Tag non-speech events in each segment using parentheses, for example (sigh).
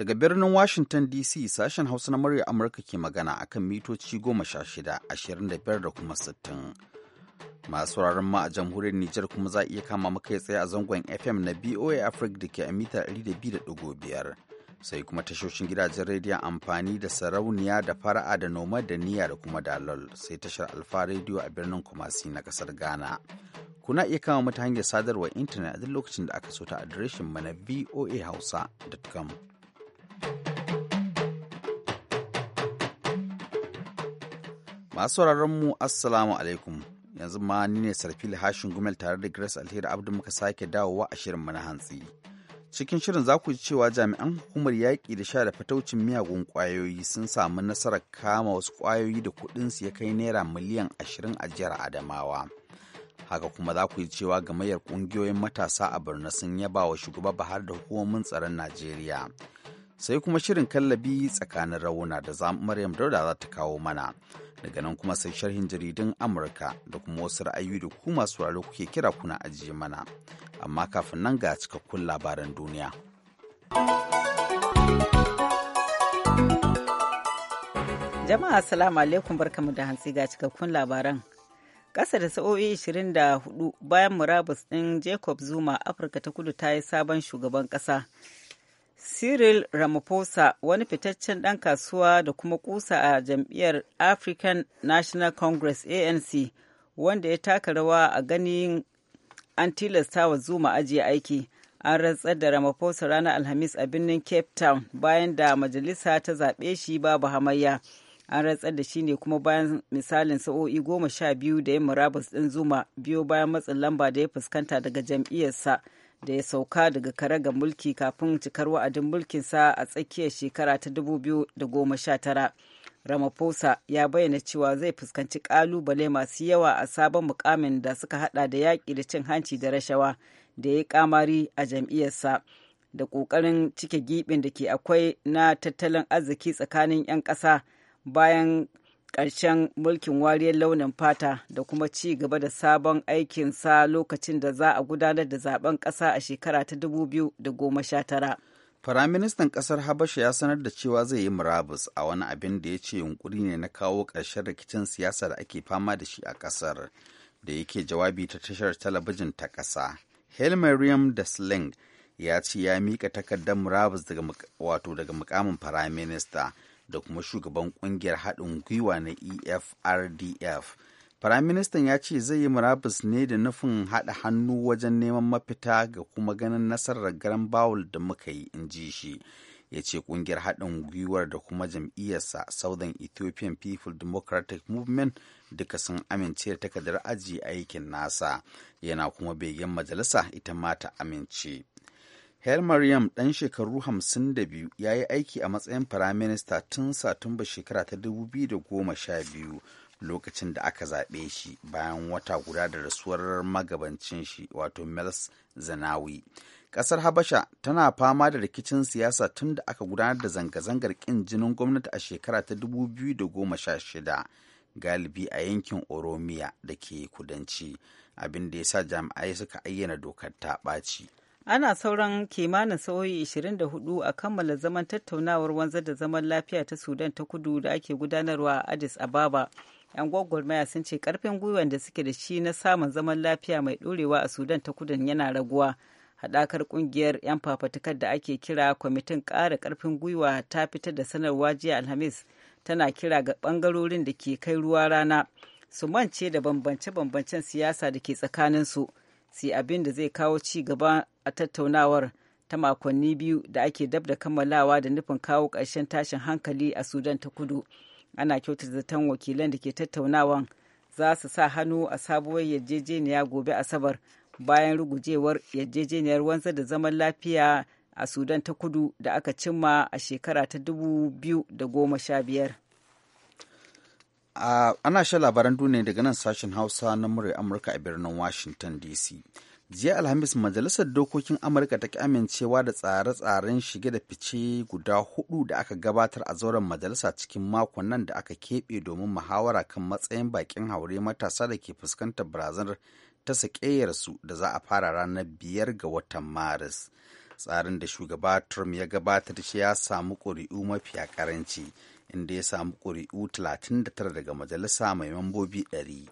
Daga birnin Washington DC sashen Hausa na murya Amurka ke magana a kan mitoci goma sha shida, ashirin da biyar da kuma sittin. Masu wuraren ma a jamhuriyar Nijar kuma za iya kama maka tsaye a zangon FM na BOA Africa da ke a mita 200.5. Sai kuma tashoshin gidajen rediyon amfani da sarauniya da fara'a da noma da niyya da kuma dalol sai tashar Alfa rediyo a birnin Kumasi na kasar Ghana. Kuna iya kama mata hanyar sadarwar intanet a duk lokacin da aka so ta adireshin mana voahausa.com. Masu mu Assalamu alaikum. Yanzu ma ni ne Sarfili Hashin Gumel tare da Grace Alheri Abdu muka sake dawowa a shirin mana hantsi. Cikin shirin za ku ji cewa jami'an hukumar yaƙi da sha da fataucin miyagun ƙwayoyi sun samu nasarar kama wasu ƙwayoyi da kuɗin su ya kai naira miliyan ashirin a jihar Adamawa. Haka kuma za ku ji cewa gamayyar ƙungiyoyin matasa a Borno sun yaba wa shugaba Buhari da hukumomin tsaron Najeriya. sai kuma shirin kallabi tsakanin rauna da za Maryam Dauda za ta kawo mana. Daga nan kuma sai sharhin jaridun Amurka da kuma wasu ra'ayoyi da ku masu raro kuke kira kuna ajiye mana. Amma kafin nan ga cikakkun labaran duniya. Jama'a Assalamu alaikum barkamu da hantsi ga cikakkun labaran. Ƙasa da sa'o'i 24 bayan murabus ɗin Jacob Zuma Afirka ta kudu ta yi sabon shugaban ƙasa. Cyril Ramaphosa wani fitaccen ɗan kasuwa da kuma kusa a jam'iyyar African National Congress ANC wanda ya taka rawa a ganin an tilasta wa Zuma ajiye aiki. An rantsar da Ramaphosa ranar Alhamis a birnin Cape Town bayan da majalisa ta zaɓe shi babu hamayya. An rantsar da shi ne kuma bayan misalin sa'o'i goma sha biyu da yin murabus ɗin Zuma biyo bayan matsin lamba da ya fuskanta daga jam'iyyarsa. da ya sauka daga kare ga mulki kafin cikar wa'adin mulkinsa a tsakiyar shekara ta 2019 ramaphosa ya bayyana cewa zai fuskanci kalubale masu yawa a sabon mukamin da suka hada da yaƙi da cin hanci da rashawa da ya kamari a jam'iyyarsa da ƙoƙarin cike gibin da ke akwai na tattalin arziki tsakanin 'yan ƙasa bayan ƙarshen mulkin wariyar launin fata da kuma ci gaba da sabon aikinsa lokacin da za a gudanar da zaben ƙasa a shekara ta 2019. Firaministan ƙasar Habasha ya sanar da cewa zai yi murabus a wani abin da ya ce yunkuri ne na kawo ƙarshen rikicin siyasa da ake fama da shi a ƙasar da yake jawabi ta tashar talabijin ta ƙasa. Hail Mariam da Sling ya ce ya mika takardar murabus daga wato daga mukamin firaminista. da kuma shugaban kungiyar haɗin gwiwa na efrdf Firaministan ya ce zai yi murabus ne da nufin haɗa hannu wajen neman mafita ga kuma ganin nasarar garan bawul da muka yi in ji shi ya ce ƙungiyar haɗin gwiwar da kuma jam'iyyarsa southern ethiopian people democratic movement duka sun amince da takardar aji aikin nasa yana kuma begen majalisa ita ma ta amince Hail Mariam ɗan shekaru 52 ya yi aiki a matsayin firaminista tun Satumba shekara ta 2012 lokacin da aka zaɓe shi bayan wata guda da rasuwar magabancin shi wato Meles Zanawi. Ƙasar Habasha tana fama da rikicin siyasa tun da aka gudanar da zanga-zangar ƙin jinin gwamnati a shekara ta 2016 galibi a yankin Oromiya da ke kudanci abinda da ya sa jami'ai suka ayyana dokar ta ɓaci. ana sauran kimanin sa'o'i 24 a kammala zaman tattaunawar wanzar da zaman lafiya ta sudan ta kudu da ake gudanarwa a addis ababa yan gwagwarmaya sun ce karfin gwiwan da suke da shi na samun zaman lafiya mai ɗorewa a sudan ta kudun yana raguwa haɗakar ƙungiyar 'yan fafatukar da ake kira kwamitin ƙara karfin gwiwa ta fitar da sanarwa jiya alhamis tana kira ga bangarorin da ke kai ruwa rana su mance da bambance-bambancen siyasa da ke tsakaninsu su abin da zai kawo ci gaba a tattaunawar ta makonni biyu da ake dab da kammalawa da nufin kawo ƙarshen tashin hankali a sudan ta kudu ana kyautata zaton wakilan da ke tattaunawan za su sa hannu a sabuwar yarjejeniya gobe asabar bayan rugujewar yarjejeniyar wanzar da zaman lafiya a sudan ta kudu da aka cimma a shekara ta dubu biyu da goma sha biyar. ana shan labaran duniya daga nan sashen hausa na murya amurka a birnin washington dc jiya alhamis majalisar dokokin amurka ta amincewa da tsare-tsaren shige da fice guda hudu da aka gabatar a zauren majalisa cikin makon nan da aka keɓe domin muhawara kan matsayin bakin haure matasa da ke fuskantar barazanar ta sakeyarsu da za a fara ranar biyar ga watan maris tsarin da shugaba trump ya gabatar shi ya samu ƙuri'u mafiya karanci inda ya samu ƙuri'u 39 daga majalisa mai mambobi 100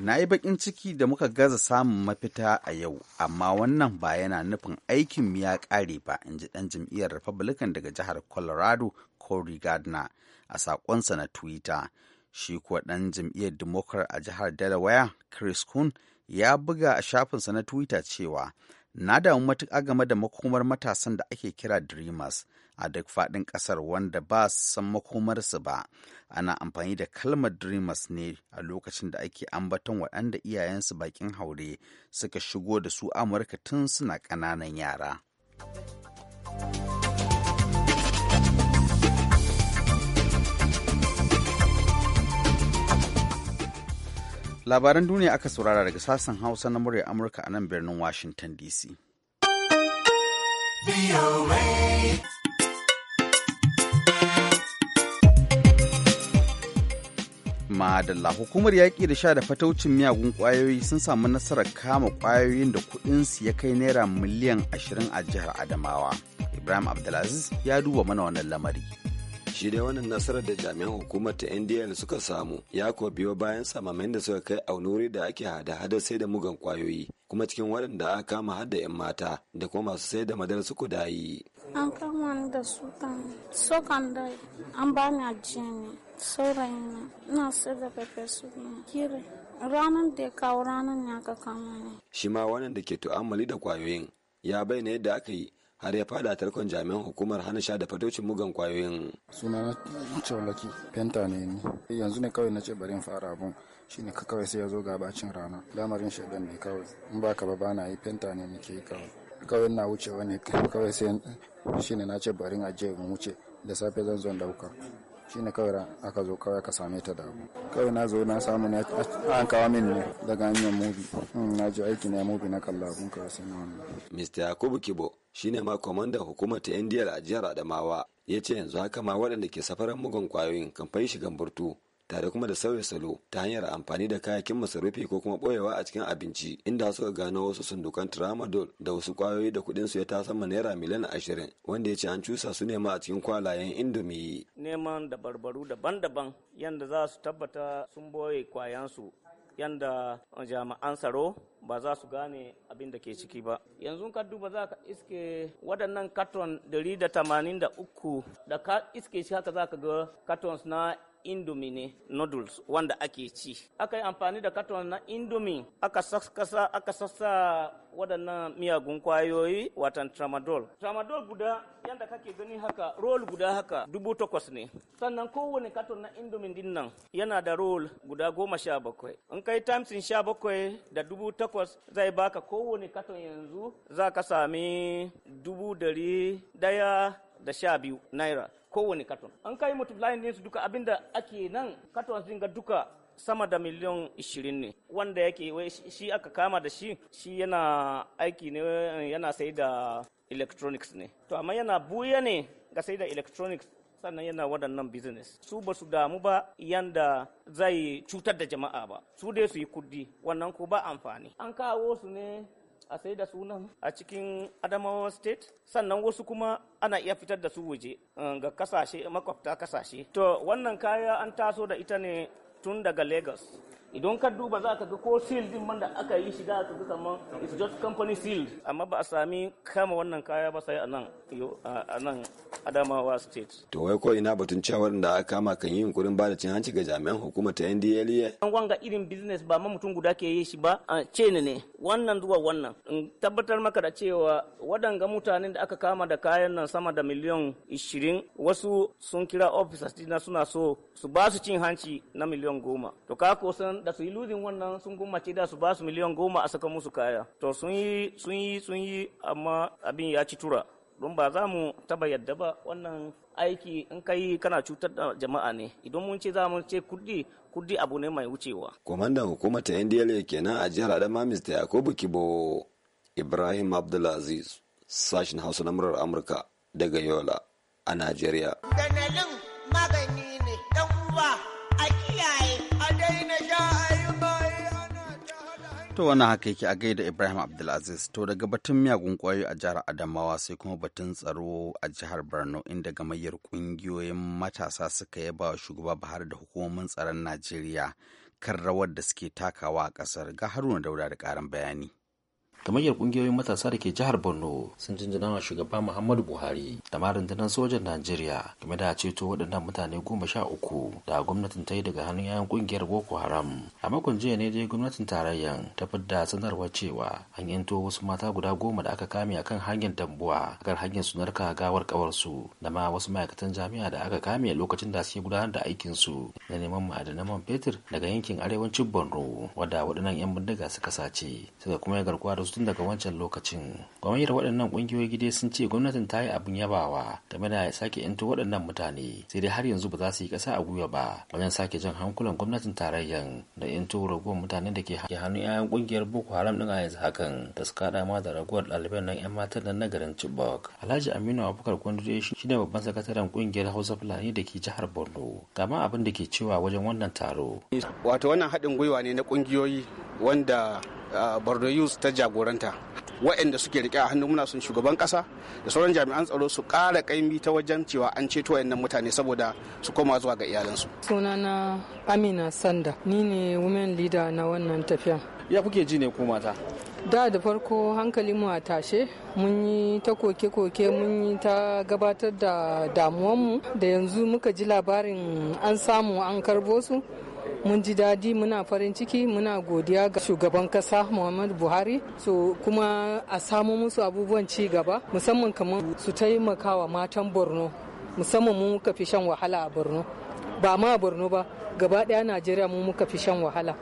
na yi baƙin ciki da muka gaza samun mafita a yau amma wannan ba yana nufin aikin ya ƙare ba in ji ɗan jam'iyyar republican daga jihar colorado cory gardner a saƙonsa na twitter shi kuwa ɗan jam'iyyar democrat a jihar delaware chris kuhn ya buga a shafinsa na twitter cewa na damu matuƙa game da makomar matasan da ake kira dreamers a duk faɗin ƙasar wanda ba su san makomarsu ba ana amfani da kalmar dreamers ne a lokacin da ake ambaton waɗanda iyayensu bakin haure suka shigo da su amurka tun suna ƙananan yara labaran duniya aka saurara daga sassan hausa na murya amurka a nan birnin washington dc madalla hukumar yaƙi da sha da fataucin miyagun ƙwayoyi sun samu nasarar kama ƙwayoyin da kuɗin su ya kai naira miliyan 20 a jihar adamawa ibrahim abdulaziz ya duba mana wannan lamari shi dai wannan nasarar da jami'an hukumar ta ndl suka samu ya ko biyo bayan samamain da suka kai aunuri da ake hada hada sai da mugan kwayoyi kuma cikin waɗanda aka kama hada 'yan mata da kuma masu sai da madara su yi an kama ni da su kan kan da an ba ni ajiye ne saurayi na sai da pepe su ne kire ranar da ya kawo ranar ne ka kama ne shi ma wannan da ke tu'ammali da kwayoyin ya bayyana yadda aka yi har ya fada tarkon jami'an hukumar hana sha da fatocin mugan kwayoyin. Sunana Cholaki, penta ne ni. Yanzu ne kawai na ce bari in fara abun. Shi ne kawai sai ya zo ga bacin rana. Lamarin shaidan ne kawai. In ba ka ba bana yi penta ne nake yi kawai. Kawai na wucewa ne (laughs) kawai sai shi ne na ce bari in ajiye in wuce. Da safe zan zo dauka. Shi ne kawai aka zo kawai ka same ta da abu. Kawai na zo na samu ne an kawo min ne daga hanyar mubi. Hmm, na ji aiki ne mubi na kalla abun kawai sai na wannan. Mr. Yakubu Kibo shine ma kwamandan hukumar ta indiyar a jihar adamawa ya ce yanzu haka ma waɗanda ke safarar mugun kwayoyin kan fai shigan burtu tare kuma da sauya salo ta hanyar amfani da kayakin masarufi ko kuma boyewa a cikin abinci inda suka gano wasu sundukan tramadol da wasu kwayoyi da kuɗin su ya ta sama naira miliyan ashirin wanda ya ce an cusa su nema a cikin kwalayen indomie. neman dabarbaru daban-daban yadda za su tabbata sun boye kwayansu yanda uh, jami'an tsaro ba za su gane abin da ke ciki ba yanzu ka duba za ka iske waɗannan katon 183 da ka iske shi haka za ka ga katons na indomi ne noodles wanda ake ci aka yi amfani da katon na indomi aka sassa aka sassa waɗannan miyagun kwayoyi watan tramadol tramadol guda yadda kake gani haka roll guda haka dubu takwas ne sannan kowane katon na indomine din nan yana da roll guda goma sha bakwai in kai tamsin sha bakwai da dubu takwas zai baka kowane katon yanzu za ka sami dubu dari daya da sha biyu naira kowane katon an kai ne su duka abinda ake nan katon sun ga duka sama da miliyon 20 ne wanda yake shi aka kama da shi shi yana aiki ne yana sai da electronics ne to amma yana buya ne ga sai da electronics sannan yana waɗannan business su ba su damu ba yanda zai cutar da jama'a ba su dai su yi kudi wannan ko ba amfani an kawo su ne a sai da sunan a cikin Adamawa State sannan wasu kuma ana iya fitar da su waje eh, ga kasashe makwabta kasashe. To wannan kaya an taso da ita ne tun daga Lagos. idan ka duba za ka ga ko seal din man da aka yi shiga ka ga kamar it's just company seal amma ba a sami kama wannan kaya ba sai a nan a nan Adamawa state to wai ko ina batun cewa da aka kama kan yi yunkurin ba da cin hanci ga jami'an hukumar ta NDLEA an wanga irin business ba ma mutum guda ke yi shi ba a ce ne wannan zuwa wannan in tabbatar maka da cewa waɗanga mutanen da aka kama da kayan nan sama da miliyan 20 wasu sun kira officers dina suna so su ba su cin hanci na miliyan goma to ka ko da su yi luzin wannan sun gummace da su ba su miliyan goma a saka musu kaya to sun yi sun yi sun yi amma abin ya ci tura don ba za mu taba yadda ba wannan aiki in kai kana cutar da jama'a ne idan mun ce za mu ce kudi kudi abu ne mai wucewa kwamandan hukumar ta ndla kenan a jihar adama mr yakubu kibo ibrahim abdulaziz sashen hausa na murar amurka daga yola a najeriya To wani haka yake a gaida Ibrahim Abdulaziz to daga batun miyagun kwayoyi a jihar Adamawa sai kuma batun tsaro a jihar Borno inda gamayyar kungiyoyin matasa suka yaba wa shugaba Buhari da hukumomin tsaron Najeriya kan rawar da suke takawa a kasar ga Haruna Dauda da karin bayani. gamayyar kungiyoyin matasa da ke jihar borno sun jinjina wa shugaba muhammadu buhari da ma rundunar sojan najeriya game da ceto waɗannan mutane goma sha uku da gwamnatin ta yi daga hannun yayan kungiyar boko haram a makon jiya ne dai gwamnatin tarayyan ta fidda sanarwar cewa an yanto wasu mata guda goma da aka kame a kan hanyar dambuwa kan hanyar su narka gawar kawarsu da ma wasu ma'aikatan jami'a da aka kame lokacin da suke gudanar da aikinsu na neman ma'adanan man fetur daga yankin arewacin borno wadda waɗannan 'yan bindiga suka sace suka kuma ya garkuwa da su tun daga wancan lokacin gwamnatin waɗannan ƙungiyoyi gida sun ce gwamnatin ta yi abin yabawa game da sake yanto waɗannan mutane sai dai har yanzu ba za su yi ƙasa a gwiwa ba wajen sake jan hankulan gwamnatin tarayyan da yanto raguwar mutanen da ke hannun 'ya'yan ƙungiyar boko haram ɗin a yanzu hakan da suka haɗa ma da raguwar ɗaliban nan 'yan matan nan na garin chibok alhaji aminu abubakar kwandure shi ne babban sakataren ƙungiyar hausa fulani da ke jihar borno kama abin da ke cewa wajen wannan taro wato wannan haɗin gwiwa ne na ƙungiyoyi wanda borno youth ta jagoranta waɗanda suke rike a hannun muna sun shugaban kasa da sauran jami'an tsaro su ƙara ƙaimi ta wajen cewa an ceto wayannan mutane saboda su koma zuwa ga iyalansu sunana amina sanda ni ne women leader na wannan tafiya ya kuke ji ne ko mata da da farko hankali mu a tashe mun yi ta koke-koke mun yi ta gabatar da damuwanmu da yanzu muka ji labarin an samu an karbo su mun ji dadi muna farin ciki muna godiya ga shugaban kasa muhammadu buhari so kuma a samu musu abubuwan ci gaba musamman kamar su taimakawa matan borno musamman mu muka fi shan wahala a borno ba ma a borno ba gaba daya najeriya mu muka fi shan wahala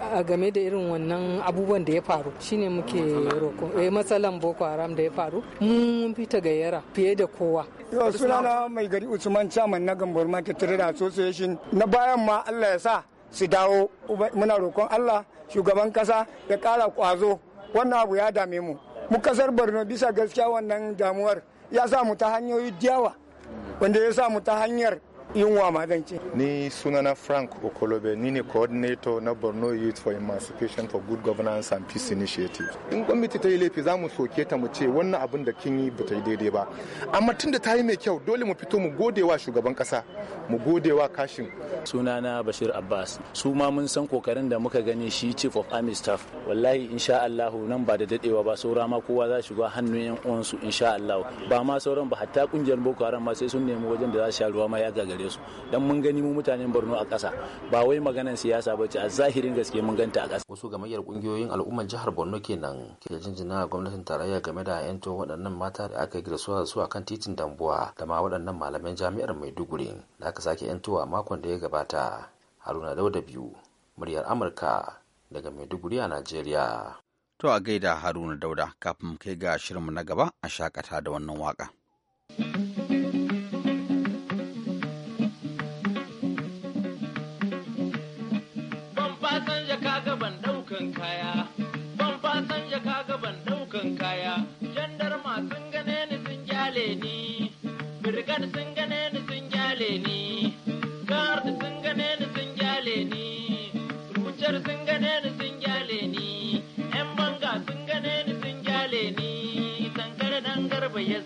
a game da irin wannan abubuwan da ya faru shine muke roko eh matsalan boko haram da ya faru mun fi gayyara fiye da kowa yau sunana mai gari usman chairman na gambar market trade association na bayan ma Allah ya sa su dawo muna roƙon Allah shugaban kasa ya ƙara kwazo wannan abu ya dame mu mu kasar Borno bisa gaskiya wannan damuwar ya sa mu ta hanyoyi diyawa wanda ya sa mu ta hanyar yunwa magance. Ni sunana Frank Okolobe, ni ne coordinator na Borno Youth for Emancipation for Good Governance and Peace Initiative. In gwamnati ta yi laifi za mu soke ta mu ce wannan abin da kin yi ba ta yi daidai ba. Amma tun da ta yi mai kyau dole mu fito mu gode wa shugaban kasa, mu gode wa kashin. Sunana Bashir Abbas, su ma mun san kokarin da muka gani shi Chief of Army Staff. Wallahi insha Allahu nan ba da dadewa ba saura ma kowa za shiga hannun yan uwansu insha Allahu. Ba ma sauran ba hatta kungiyar Boko Haram ma sai sun nemi wajen da za su sha ruwa ma ya gagare. gare su dan mun gani mu mutanen Borno a kasa ba wai maganan siyasa ba ce a zahirin gaske mun ganta a kasa. wasu gamayyar kungiyoyin al'ummar jihar Borno kenan ke jinjina gwamnatin tarayya game da yanto waɗannan mata da aka yi su a kan titin Dambuwa da ma waɗannan malaman jami'ar Maiduguri da aka sake yantowa makon da ya gabata Haruna Dauda biyu muryar Amurka daga Maiduguri a Najeriya To a gaida Haruna Dauda kafin kai ga shirinmu na gaba a shakata da wannan waka. thank you gyale ni birgar sun gane ni sun gyale ni gard sun gane ni sun gyale ni rucar sun gane ni sun gyale ni yan banga sun gane ni sun gyale ni dan garba ya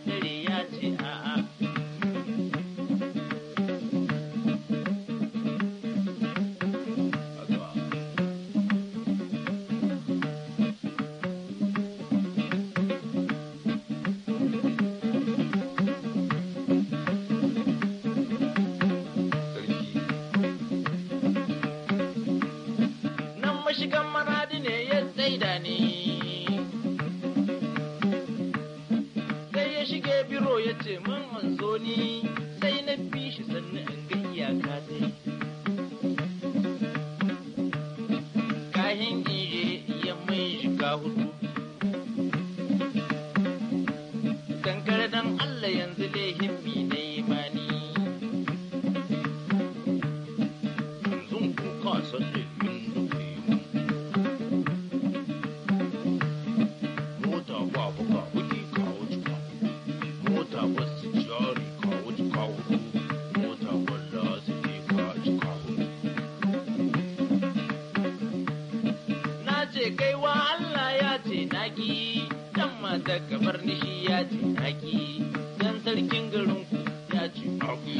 naki dan mata kamar nishi ya ce naki dan sarkin garin ku ya ce naki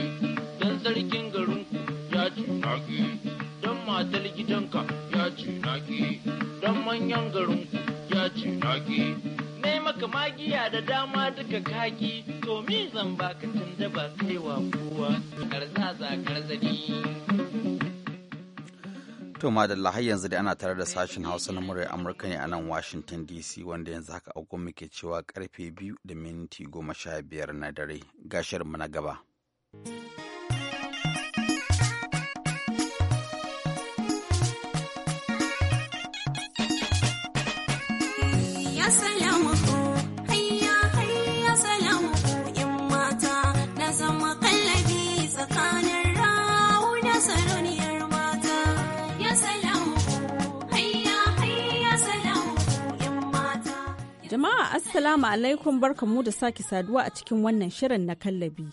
dan sarkin garin ku ya ce naki dan matar gidanka ya ce naki dan manyan garin ku ya ce naki ne maka magiya da dama duka kaki to mi zan baka tunda ba kaiwa kowa karza za karzani To madalla har yanzu da ana tare da sashen Hausa na muryar Amurka ne a nan Washington DC wanda yanzu haka mu muke cewa karfe biyu da minti goma sha biyar na dare gashar mu na gaba. Yes, Jama'a Assalamu alaikum barkamu da sake saduwa a cikin wannan shirin na kallabi.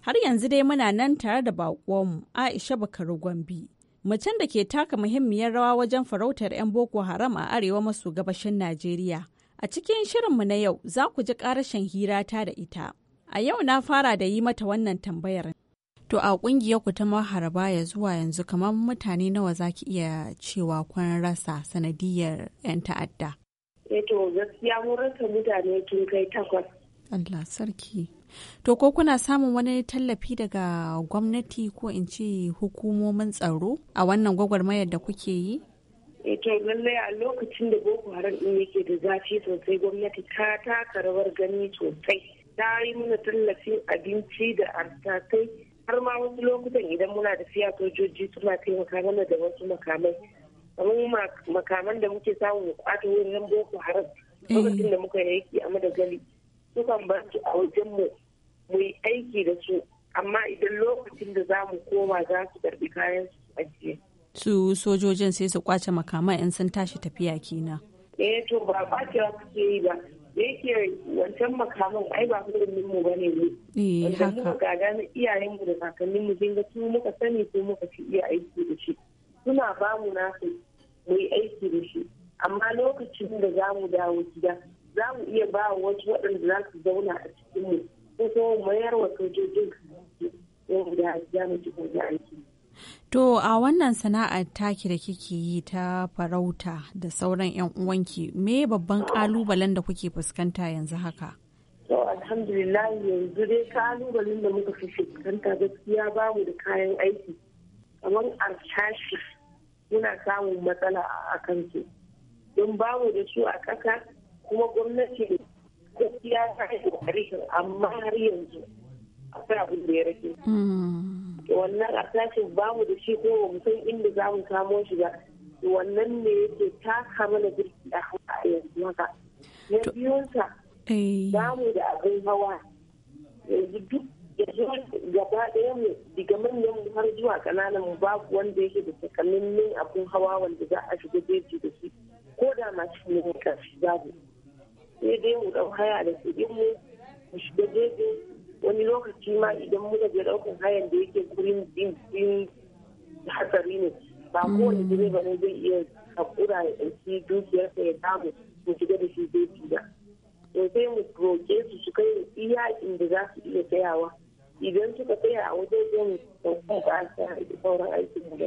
Har yanzu dai muna nan tare da baƙonmu Aisha Bakaru Gombi. Macen da ke taka muhimmiyar rawa wajen farautar 'yan Boko Haram a arewa maso gabashin Najeriya. A cikin shirin mu na yau za ku ji ƙarashin hira ta da ita. A yau na fara da yi mata wannan tambayar. To a ƙungiyar ku ta maharaba ya zuwa yanzu kamar mutane nawa za ki iya cewa kun rasa sanadiyar 'yan ta'adda. Eh, to gaskiya mun rasa mutane tun kai takwas. Allah sarki. To ko kuna samun wani tallafi daga gwamnati ko in ce hukumomin tsaro a wannan gwagwarmayar da kuke yi? E to lallai a lokacin da Boko Haram din yake da zafi sosai gwamnati ta taka rawar gani sosai. Ta yi mana tallafin abinci da artatai har ma wasu lokutan idan muna da fiya sojoji suna taimaka mana da wasu makamai. kamar makaman da muke samu mu kwace wurin boko haram eh. lokacin da muka yaki a madagali sukan ba su a wajen mu mu yi aiki da su amma idan lokacin da za mu koma za su karbi kayan su ajiye. su sojojin sai su kwace makaman in sun tashi tafiya kina. eh to ba kwacewa suke yi ba da yake wancan makaman ai ba hurumin mu bane ne eh, wanda muka gada na iyayen mu da kakannin mu kin ga su muka sani ko muka fi iya aiki da shi suna bamu nasu mu yi aiki da shi amma lokacin da za mu dawo gida za mu iya ba wasu waɗanda za su zauna a cikin mu ko kuma mayar wa sojojin yau da ya mu da aiki. To a wannan sana'ar taki da kike yi ta farauta da sauran 'yan uwanki me babban kalubalen da kuke fuskanta yanzu haka? To alhamdulillah yanzu dai kalubalen da muka fi fuskanta gaskiya babu da kayan aiki kamar arshashi muna samun matsala a kansu don bamu da su a ƙasa kuma gwamnati gaskiya ta yi ƙoƙarin amma har yanzu a sabu da ya rage wannan a sashin bamu da shi ko mu san inda za mu samo shi ba wannan ne yake taka mana birki a yanzu haka na biyunsa eh. ba da abin hawa yanzu duk gaba ɗaya mu daga manyan mu har zuwa ƙananan mu babu wanda yake da takamaimin abin hawa wanda za a shiga jeji da shi ko da masu ne ƙarshe babu sai dai mu ɗau haya da kuɗin mu mu shiga jeji wani lokaci ma idan muka je ɗaukan hayan da yake kurin din hatsari ne ba kowane direba ne zai iya haƙura ya ɗauki dukiyarsa ya damu mu shiga da shi jeji ba. to sai mu roƙe su su kai iya inda za su iya tsayawa idan suka tsaya a wajen jin sauƙin ƙasa da sauran aikin da in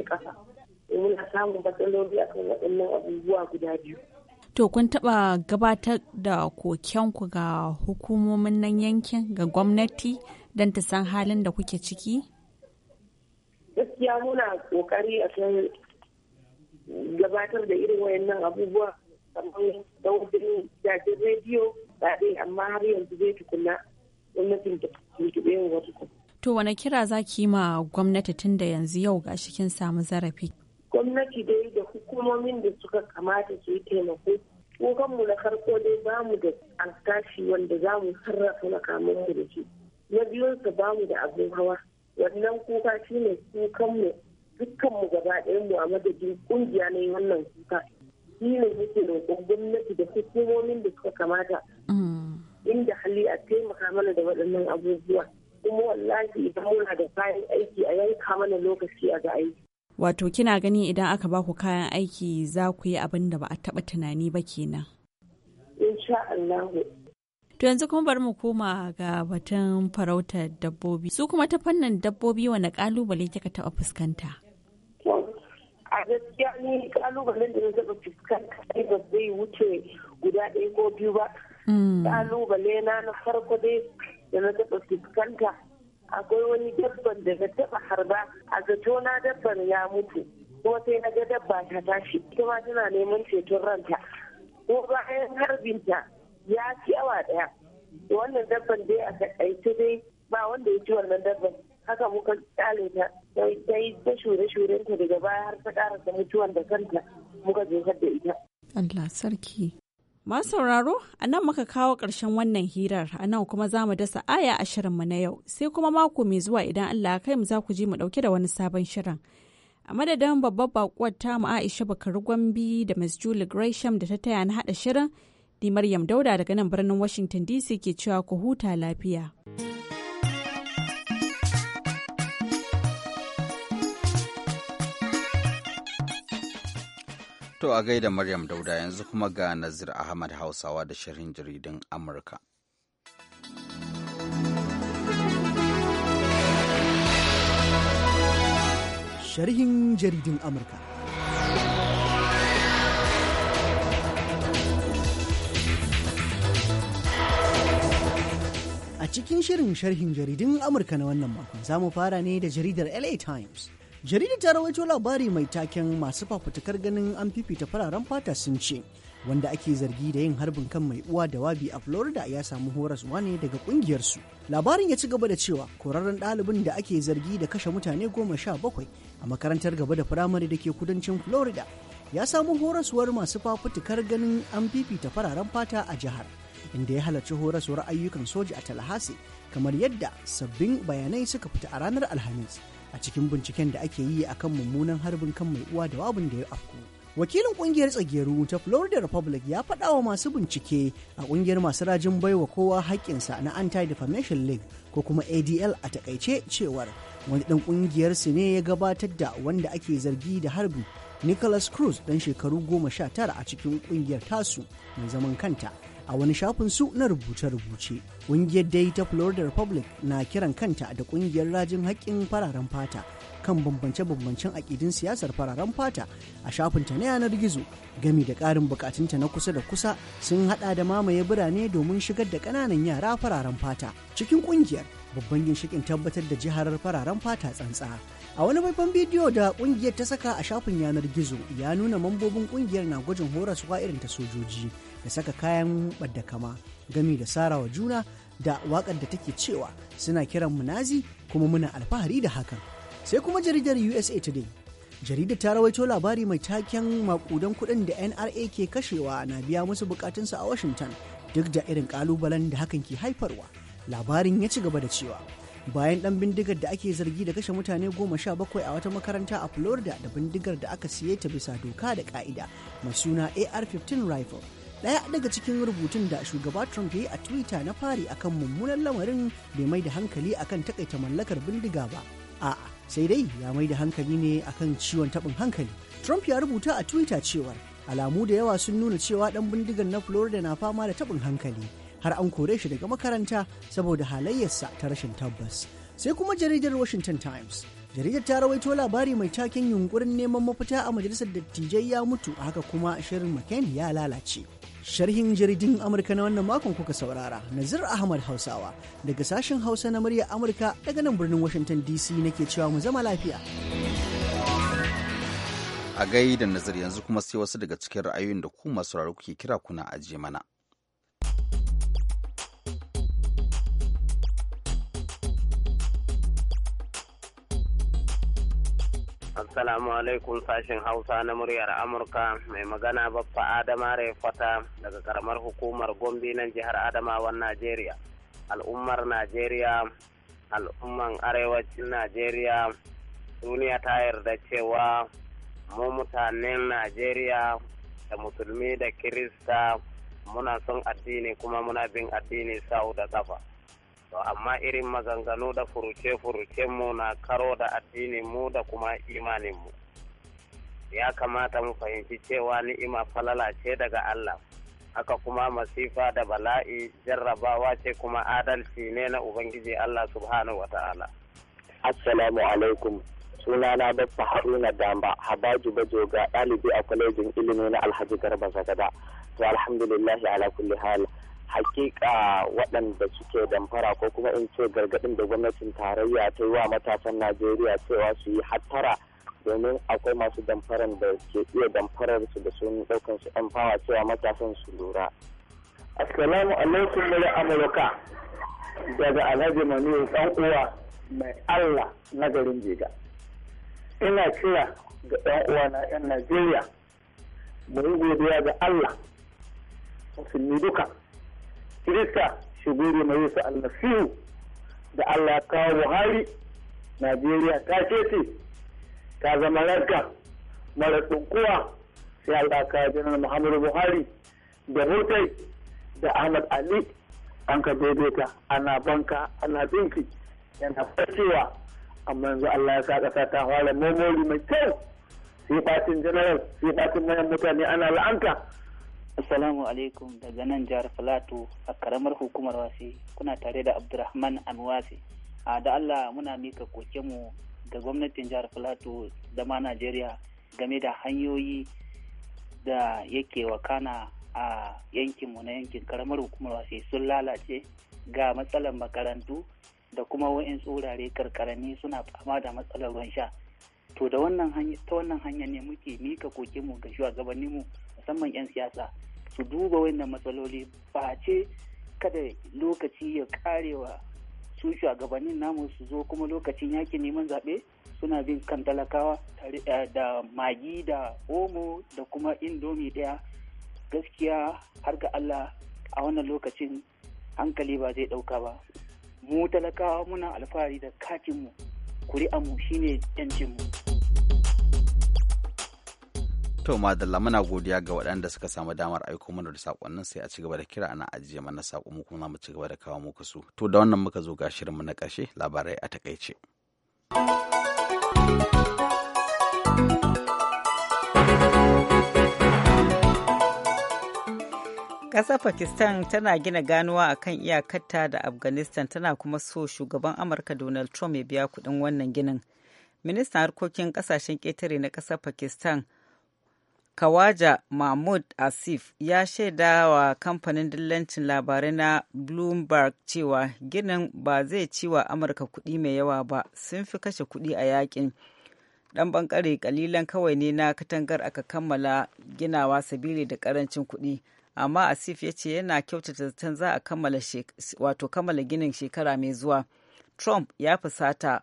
eh, muna samun matsaloli akan waɗannan abubuwa guda biyu. To kun taɓa gabatar da ku ga hukumomin nan yankin ga gwamnati don ta san halin da kuke ciki? Gaskiya muna kokari a kan gabatar da irin wayannan abubuwa kamar da wajen jajen rediyo da amma har yanzu zai tukuna gwamnatin To wane kira za ki yi ma gwamnati tun da yanzu yau ga kin samu zarafi? Gwamnati dai da hukumomin da suka kamata su yi taimako. Ko kanmu na farko dai ba mu da alkashi wanda za mu sarrafa makamanmu da shi. Na biyunsa ba mu da abin hawa. Wannan kuka shi ne kukanmu dukkanmu gaba mu a madadin ƙungiya na yi wannan kuka. Shi ne muke roƙon gwamnati da hukumomin da suka kamata. Mm. inda hali a taimaka mana da waɗannan abubuwa kuma wallahi idan muna da kayan aiki a yanka mana lokaci a ga aiki. Wato kina gani idan aka baku kayan aiki za ku yi abin da ba a taɓa tunani ba kenan. Insha Allah. To yanzu kuma bari mu koma ga batun farautar dabbobi. Su kuma ta fannin dabbobi wani kalubale kika taɓa fuskanta? a gaskiya ni kalubalen da na taɓa fuskanta ba zai wuce guda ɗaya ko biyu ba kalubale na na farko dai da na taɓa fuskanta akwai wani dabban da na taɓa harba a zato na dabban ya mutu kuma sai na ga dabba ta tashi ita tana neman ceton ranta ko bayan harbinta ya ci awa ɗaya wannan dabban dai a kaɗaice dai ba wanda ya ci wannan dabban haka muka kyale ta ta yi ta shure shurenta daga baya har ta karasa mutuwan da kanta muka jefar da ita. Allah sarki. Masu sauraro, a nan muka kawo ƙarshen wannan hirar, a nan kuma za mu dasa aya a shirinmu na yau, sai kuma mako mai zuwa idan Allah kai mu za ku ji mu ɗauke da wani sabon shirin. A madadin babbar bakuwar mu Aisha Bakari Gwambi da ms Julie Gresham da ta taya na haɗa shirin, Di Maryam Dauda daga nan birnin Washington DC ke cewa ku huta lafiya. To a gaida Maryam Dauda yanzu kuma ga Nazir Ahmad Hausawa da sharhin jaridun Amurka. Sharhin jaridun Amurka. A cikin shirin sharhin jaridun Amurka na wannan makon za mu fara ne da jaridar LA Times. jaridar ta rawaito labari mai taken masu fafutukar ganin an fifita fararen fata sun ce wanda ake zargi da yin harbin kan mai uwa da wabi a florida ya samu horaswa ne daga su labarin ya ci gaba da cewa korarren ɗalibin da ake zargi da kashe mutane goma sha bakwai a makarantar gaba da firamare da ke kudancin florida ya samu horaswar masu fafutukar ganin an fifita fararen fata a jihar inda ya halarci horaswar ayyukan soja a tallahassee kamar yadda sabbin bayanai suka fita a ranar alhamis a cikin binciken da ake yi akan mummunan harbin kan mai uwa da wabin da ya afku. wakilin kungiyar Tsagero ta florida republic ya faɗa wa masu bincike a kungiyar masu rajin baiwa kowa haƙƙinsa na anti-defamation league ko kuma adl a takaice cewar wani ɗan kungiyar su ne ya gabatar da wanda ake zargi da harbi nicholas cruz ɗan shekaru goma sha tara a cikin kungiyar tasu mai zaman kanta a wani shafin su na rubuce-rubuce ƙungiyar dai ta florida republic na kiran kanta da ƙungiyar rajin haƙƙin fararen fata kan bambance-bambancen aƙidin siyasar fararen fata a shafinta na yanar gizo gami da ƙarin ta na kusa da kusa sun haɗa da mamaye birane domin shigar da ƙananan yara fararen fata cikin ƙungiyar babban ginshiƙin tabbatar da jihar fararen fata tsantsa a wani faifan bidiyo da ƙungiyar ta saka a shafin yanar gizo ya nuna mambobin ƙungiyar na gwajin horaswa irin ta sojoji da saka kayan ɓadda kama gami da sarawa juna da waƙar da take cewa suna kiran mu nazi kuma muna alfahari da hakan sai kuma jaridar usa today jaridar ta rawaito labari mai taken makudan kuɗin da nra ke kashewa na biya musu su a washington duk da irin kalubalen da hakan ke haifarwa labarin ya ci gaba da cewa bayan dan bindigar da ake zargi da kashe mutane goma sha bakwai a wata makaranta a florida da bindigar da aka siye ta bisa doka da ka'ida mai suna ar-15 rifle Ɗaya daga cikin rubutun da shugaba Trump ya yi a Twitter na fari akan mummunan lamarin bai mai da hankali akan takaita mallakar bindiga ba. A'a, sai dai ya mai da hankali ne akan ciwon taɓin hankali. Trump ya rubuta a Twitter cewa alamu da yawa sun nuna cewa ɗan bindigan na Florida na fama da taɓin hankali har an kore shi daga makaranta saboda halayyarsa ta rashin tabbas. Sai kuma jaridar Washington Times jaridar ta rawaito labari mai taken yunkurin neman mafita a majalisar dattijai ya mutu haka kuma shirin mccain ya lalace Sharhin jaridin Amurka na wannan makon kuka saurara, Nazir Ahmad Hausawa daga sashen Hausa na murya Amurka daga nan birnin Washington DC nake cewa mu zama lafiya. A gaida da Nazir yanzu kuma sai wasu daga cikin ra'ayoyin da ku masu kuke kira kuna ajiye mana. Assalamu alaikum sashen Hausa na muryar Amurka mai magana Baffa Adama Refata daga karamar hukumar Gombe nan jihar Adamawan Najeriya. Al'ummar Najeriya, al'umman arewacin Najeriya, duniya ta yarda cewa mu mutanen Najeriya da musulmi da Kirista muna son addini kuma muna bin addini sau da kafa. to amma irin maganganu da furuce furuce mu na karo da addinin mu da kuma imanin mu ya kamata mu fahimci cewa ni'ima falala ce daga Allah haka kuma masifa da bala'i jarrabawa ce kuma adalci ne na ubangiji Allah subhanahu wata'ala assalamu alaikum sunana Dr. Haruna Damba Habaji joga ɗalibi a kwalejin ilimi na Alhaji Garba Zagada to alhamdulillah ala kulli hal hakika waɗanda suke damfara ko kuma in ce gargaɗin da gwamnatin tarayya ta yi wa matasan najeriya cewa su yi hattara domin akwai masu damfaran da ke iya damfarar su da sun ɗaukan su ɗan fawa cewa matasan su lura. Assalamu alaikum mura Amurka daga Alhaji Maniyu ɗan uwa mai Allah na garin Jega. Ina cewa ga ɗan uwa na ‘yan Najeriya mu godiya ga Allah musulmi duka. kirista shi gode mai almasihu da allah kawo buhari najeriya ta ce ta zama ranka mara tsunkuwa sai allah kawo janar muhammadu buhari da hutai da ahmad ali an ka daidaita ana banka ana binki yana farcewa amma yanzu allah ya sa kasa ta fara momori mai kyau sai fatin general sai fatin mayan mutane ana la'anta Assalamu alaikum daga nan jihar Filato a karamar hukumar wasi kuna tare da Abdulrahman Anwasi. A da Allah muna mika mu ga gwamnatin jihar Filato zama Najeriya game da hanyoyi da yake wakana a yankinmu na yankin karamar hukumar wasi sun lalace ga matsalar makarantu da kuma wa'in wurare karkarani suna fama da matsalar ruwan sha. To da wannan hanya ne muke mika mu ga shugabanninmu mu musamman 'yan siyasa su duba wannan matsaloli ba ce kada lokaci ya karewa su shugabannin namu su zo kuma lokacin yakin neman zaɓe suna bin kan talakawa eh, da magi da omo da kuma indomi ɗaya gaskiya har ga Allah a wannan lokacin hankali ba zai ɗauka ba mu talakawa muna alfahari da katinmu kuri'anmu shine 'yancinmu. To madalla muna godiya ga waɗanda suka samu damar aiko mana da sakonnin sai a ci gaba da kira ana ajiye mana sako mu kuma mu ci gaba da kawo muku su. To da wannan muka zo ga shirinmu na ƙarshe labarai a takaice. ƙasa Pakistan tana gina ganuwa a kan iyakarta da Afghanistan tana kuma so shugaban Amurka Donald Trump ya biya kuɗin wannan ginin. Ministan harkokin ƙasashen ƙetare na ƙasar Pakistan Kawaja Mahmud Asif ya shaida wa kamfanin dillancin labarai na Bloomberg cewa ginin ba zai ci wa Amurka kuɗi mai yawa ba sun fi kashe kuɗi a yakin. Ɗan ɓangare kalilan kawai ne na katangar aka kammala ginawa sabili da ƙarancin kuɗi. Amma Asif ya ce yana kyautata zaton za a kammala wato kammala ginin shekara mai zuwa. Trump ya fusata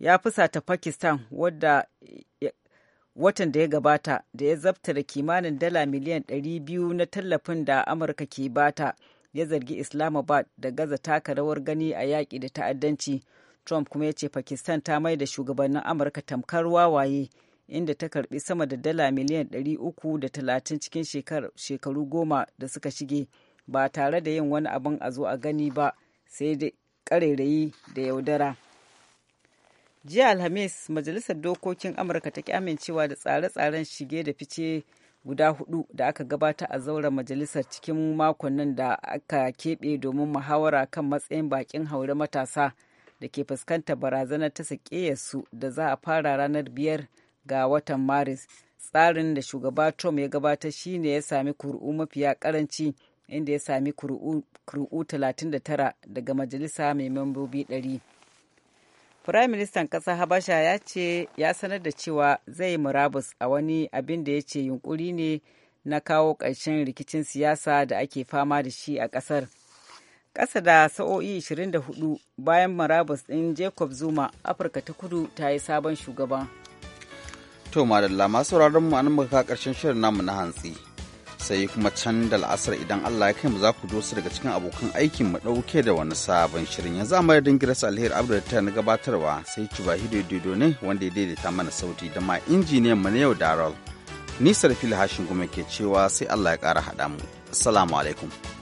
ya fusata Pakistan wadda watan da ya gabata da ya zabtara kimanin dala miliyan 200 na tallafin da amurka ke bata ya zargi islamabad da gaza taka rawar gani a yaƙi da ta'addanci trump kuma ya ce pakistan ta mai da shugabannin amurka tamkar wawaye inda ta karbi sama da dala miliyan 330 cikin shekaru goma da suka shige ba tare da yin wani abin a zo a gani ba sai da ƙarairayi da yaudara jiya alhamis majalisar dokokin amurka ta ki amincewa da tsare-tsaren shige da fice guda hudu da aka gabata a zauren majalisar cikin makon nan da aka keɓe domin muhawara kan matsayin bakin haure matasa da ke fuskantar barazanar ta su da za a fara ranar biyar ga watan maris tsarin da shugaba trump ya shi shine ya sami kuri'u mafiya karanci inda ya sami kuru'u 39 daga majalisa mai membobi 100 Firaministan ƙasar Habasha ya ce ya sanar da cewa zai murabus a wani abin da ya ce yunkuri ne na kawo ƙarshen rikicin siyasa da ake fama da shi a ƙasar. Ƙasa da sa'o'i 24 bayan murabus ɗin Jacob Zuma, Afirka ta kudu ta yi sabon shugaba. To, madalla masu mu an muka ƙarshen shirin namu na hantsi. sai kuma can da la'asar idan Allah ya kai mu za ku su daga cikin abokan aikin mu ɗauke da wani sabon shirin yanzu a madadin giras alheri abdul ta na gabatarwa sai cuba hido ne wanda ya daidaita mana sauti da ma injiniyan mu na yau darol ni sarfil hashin kuma ke cewa sai Allah ya kara haɗa mu assalamu alaikum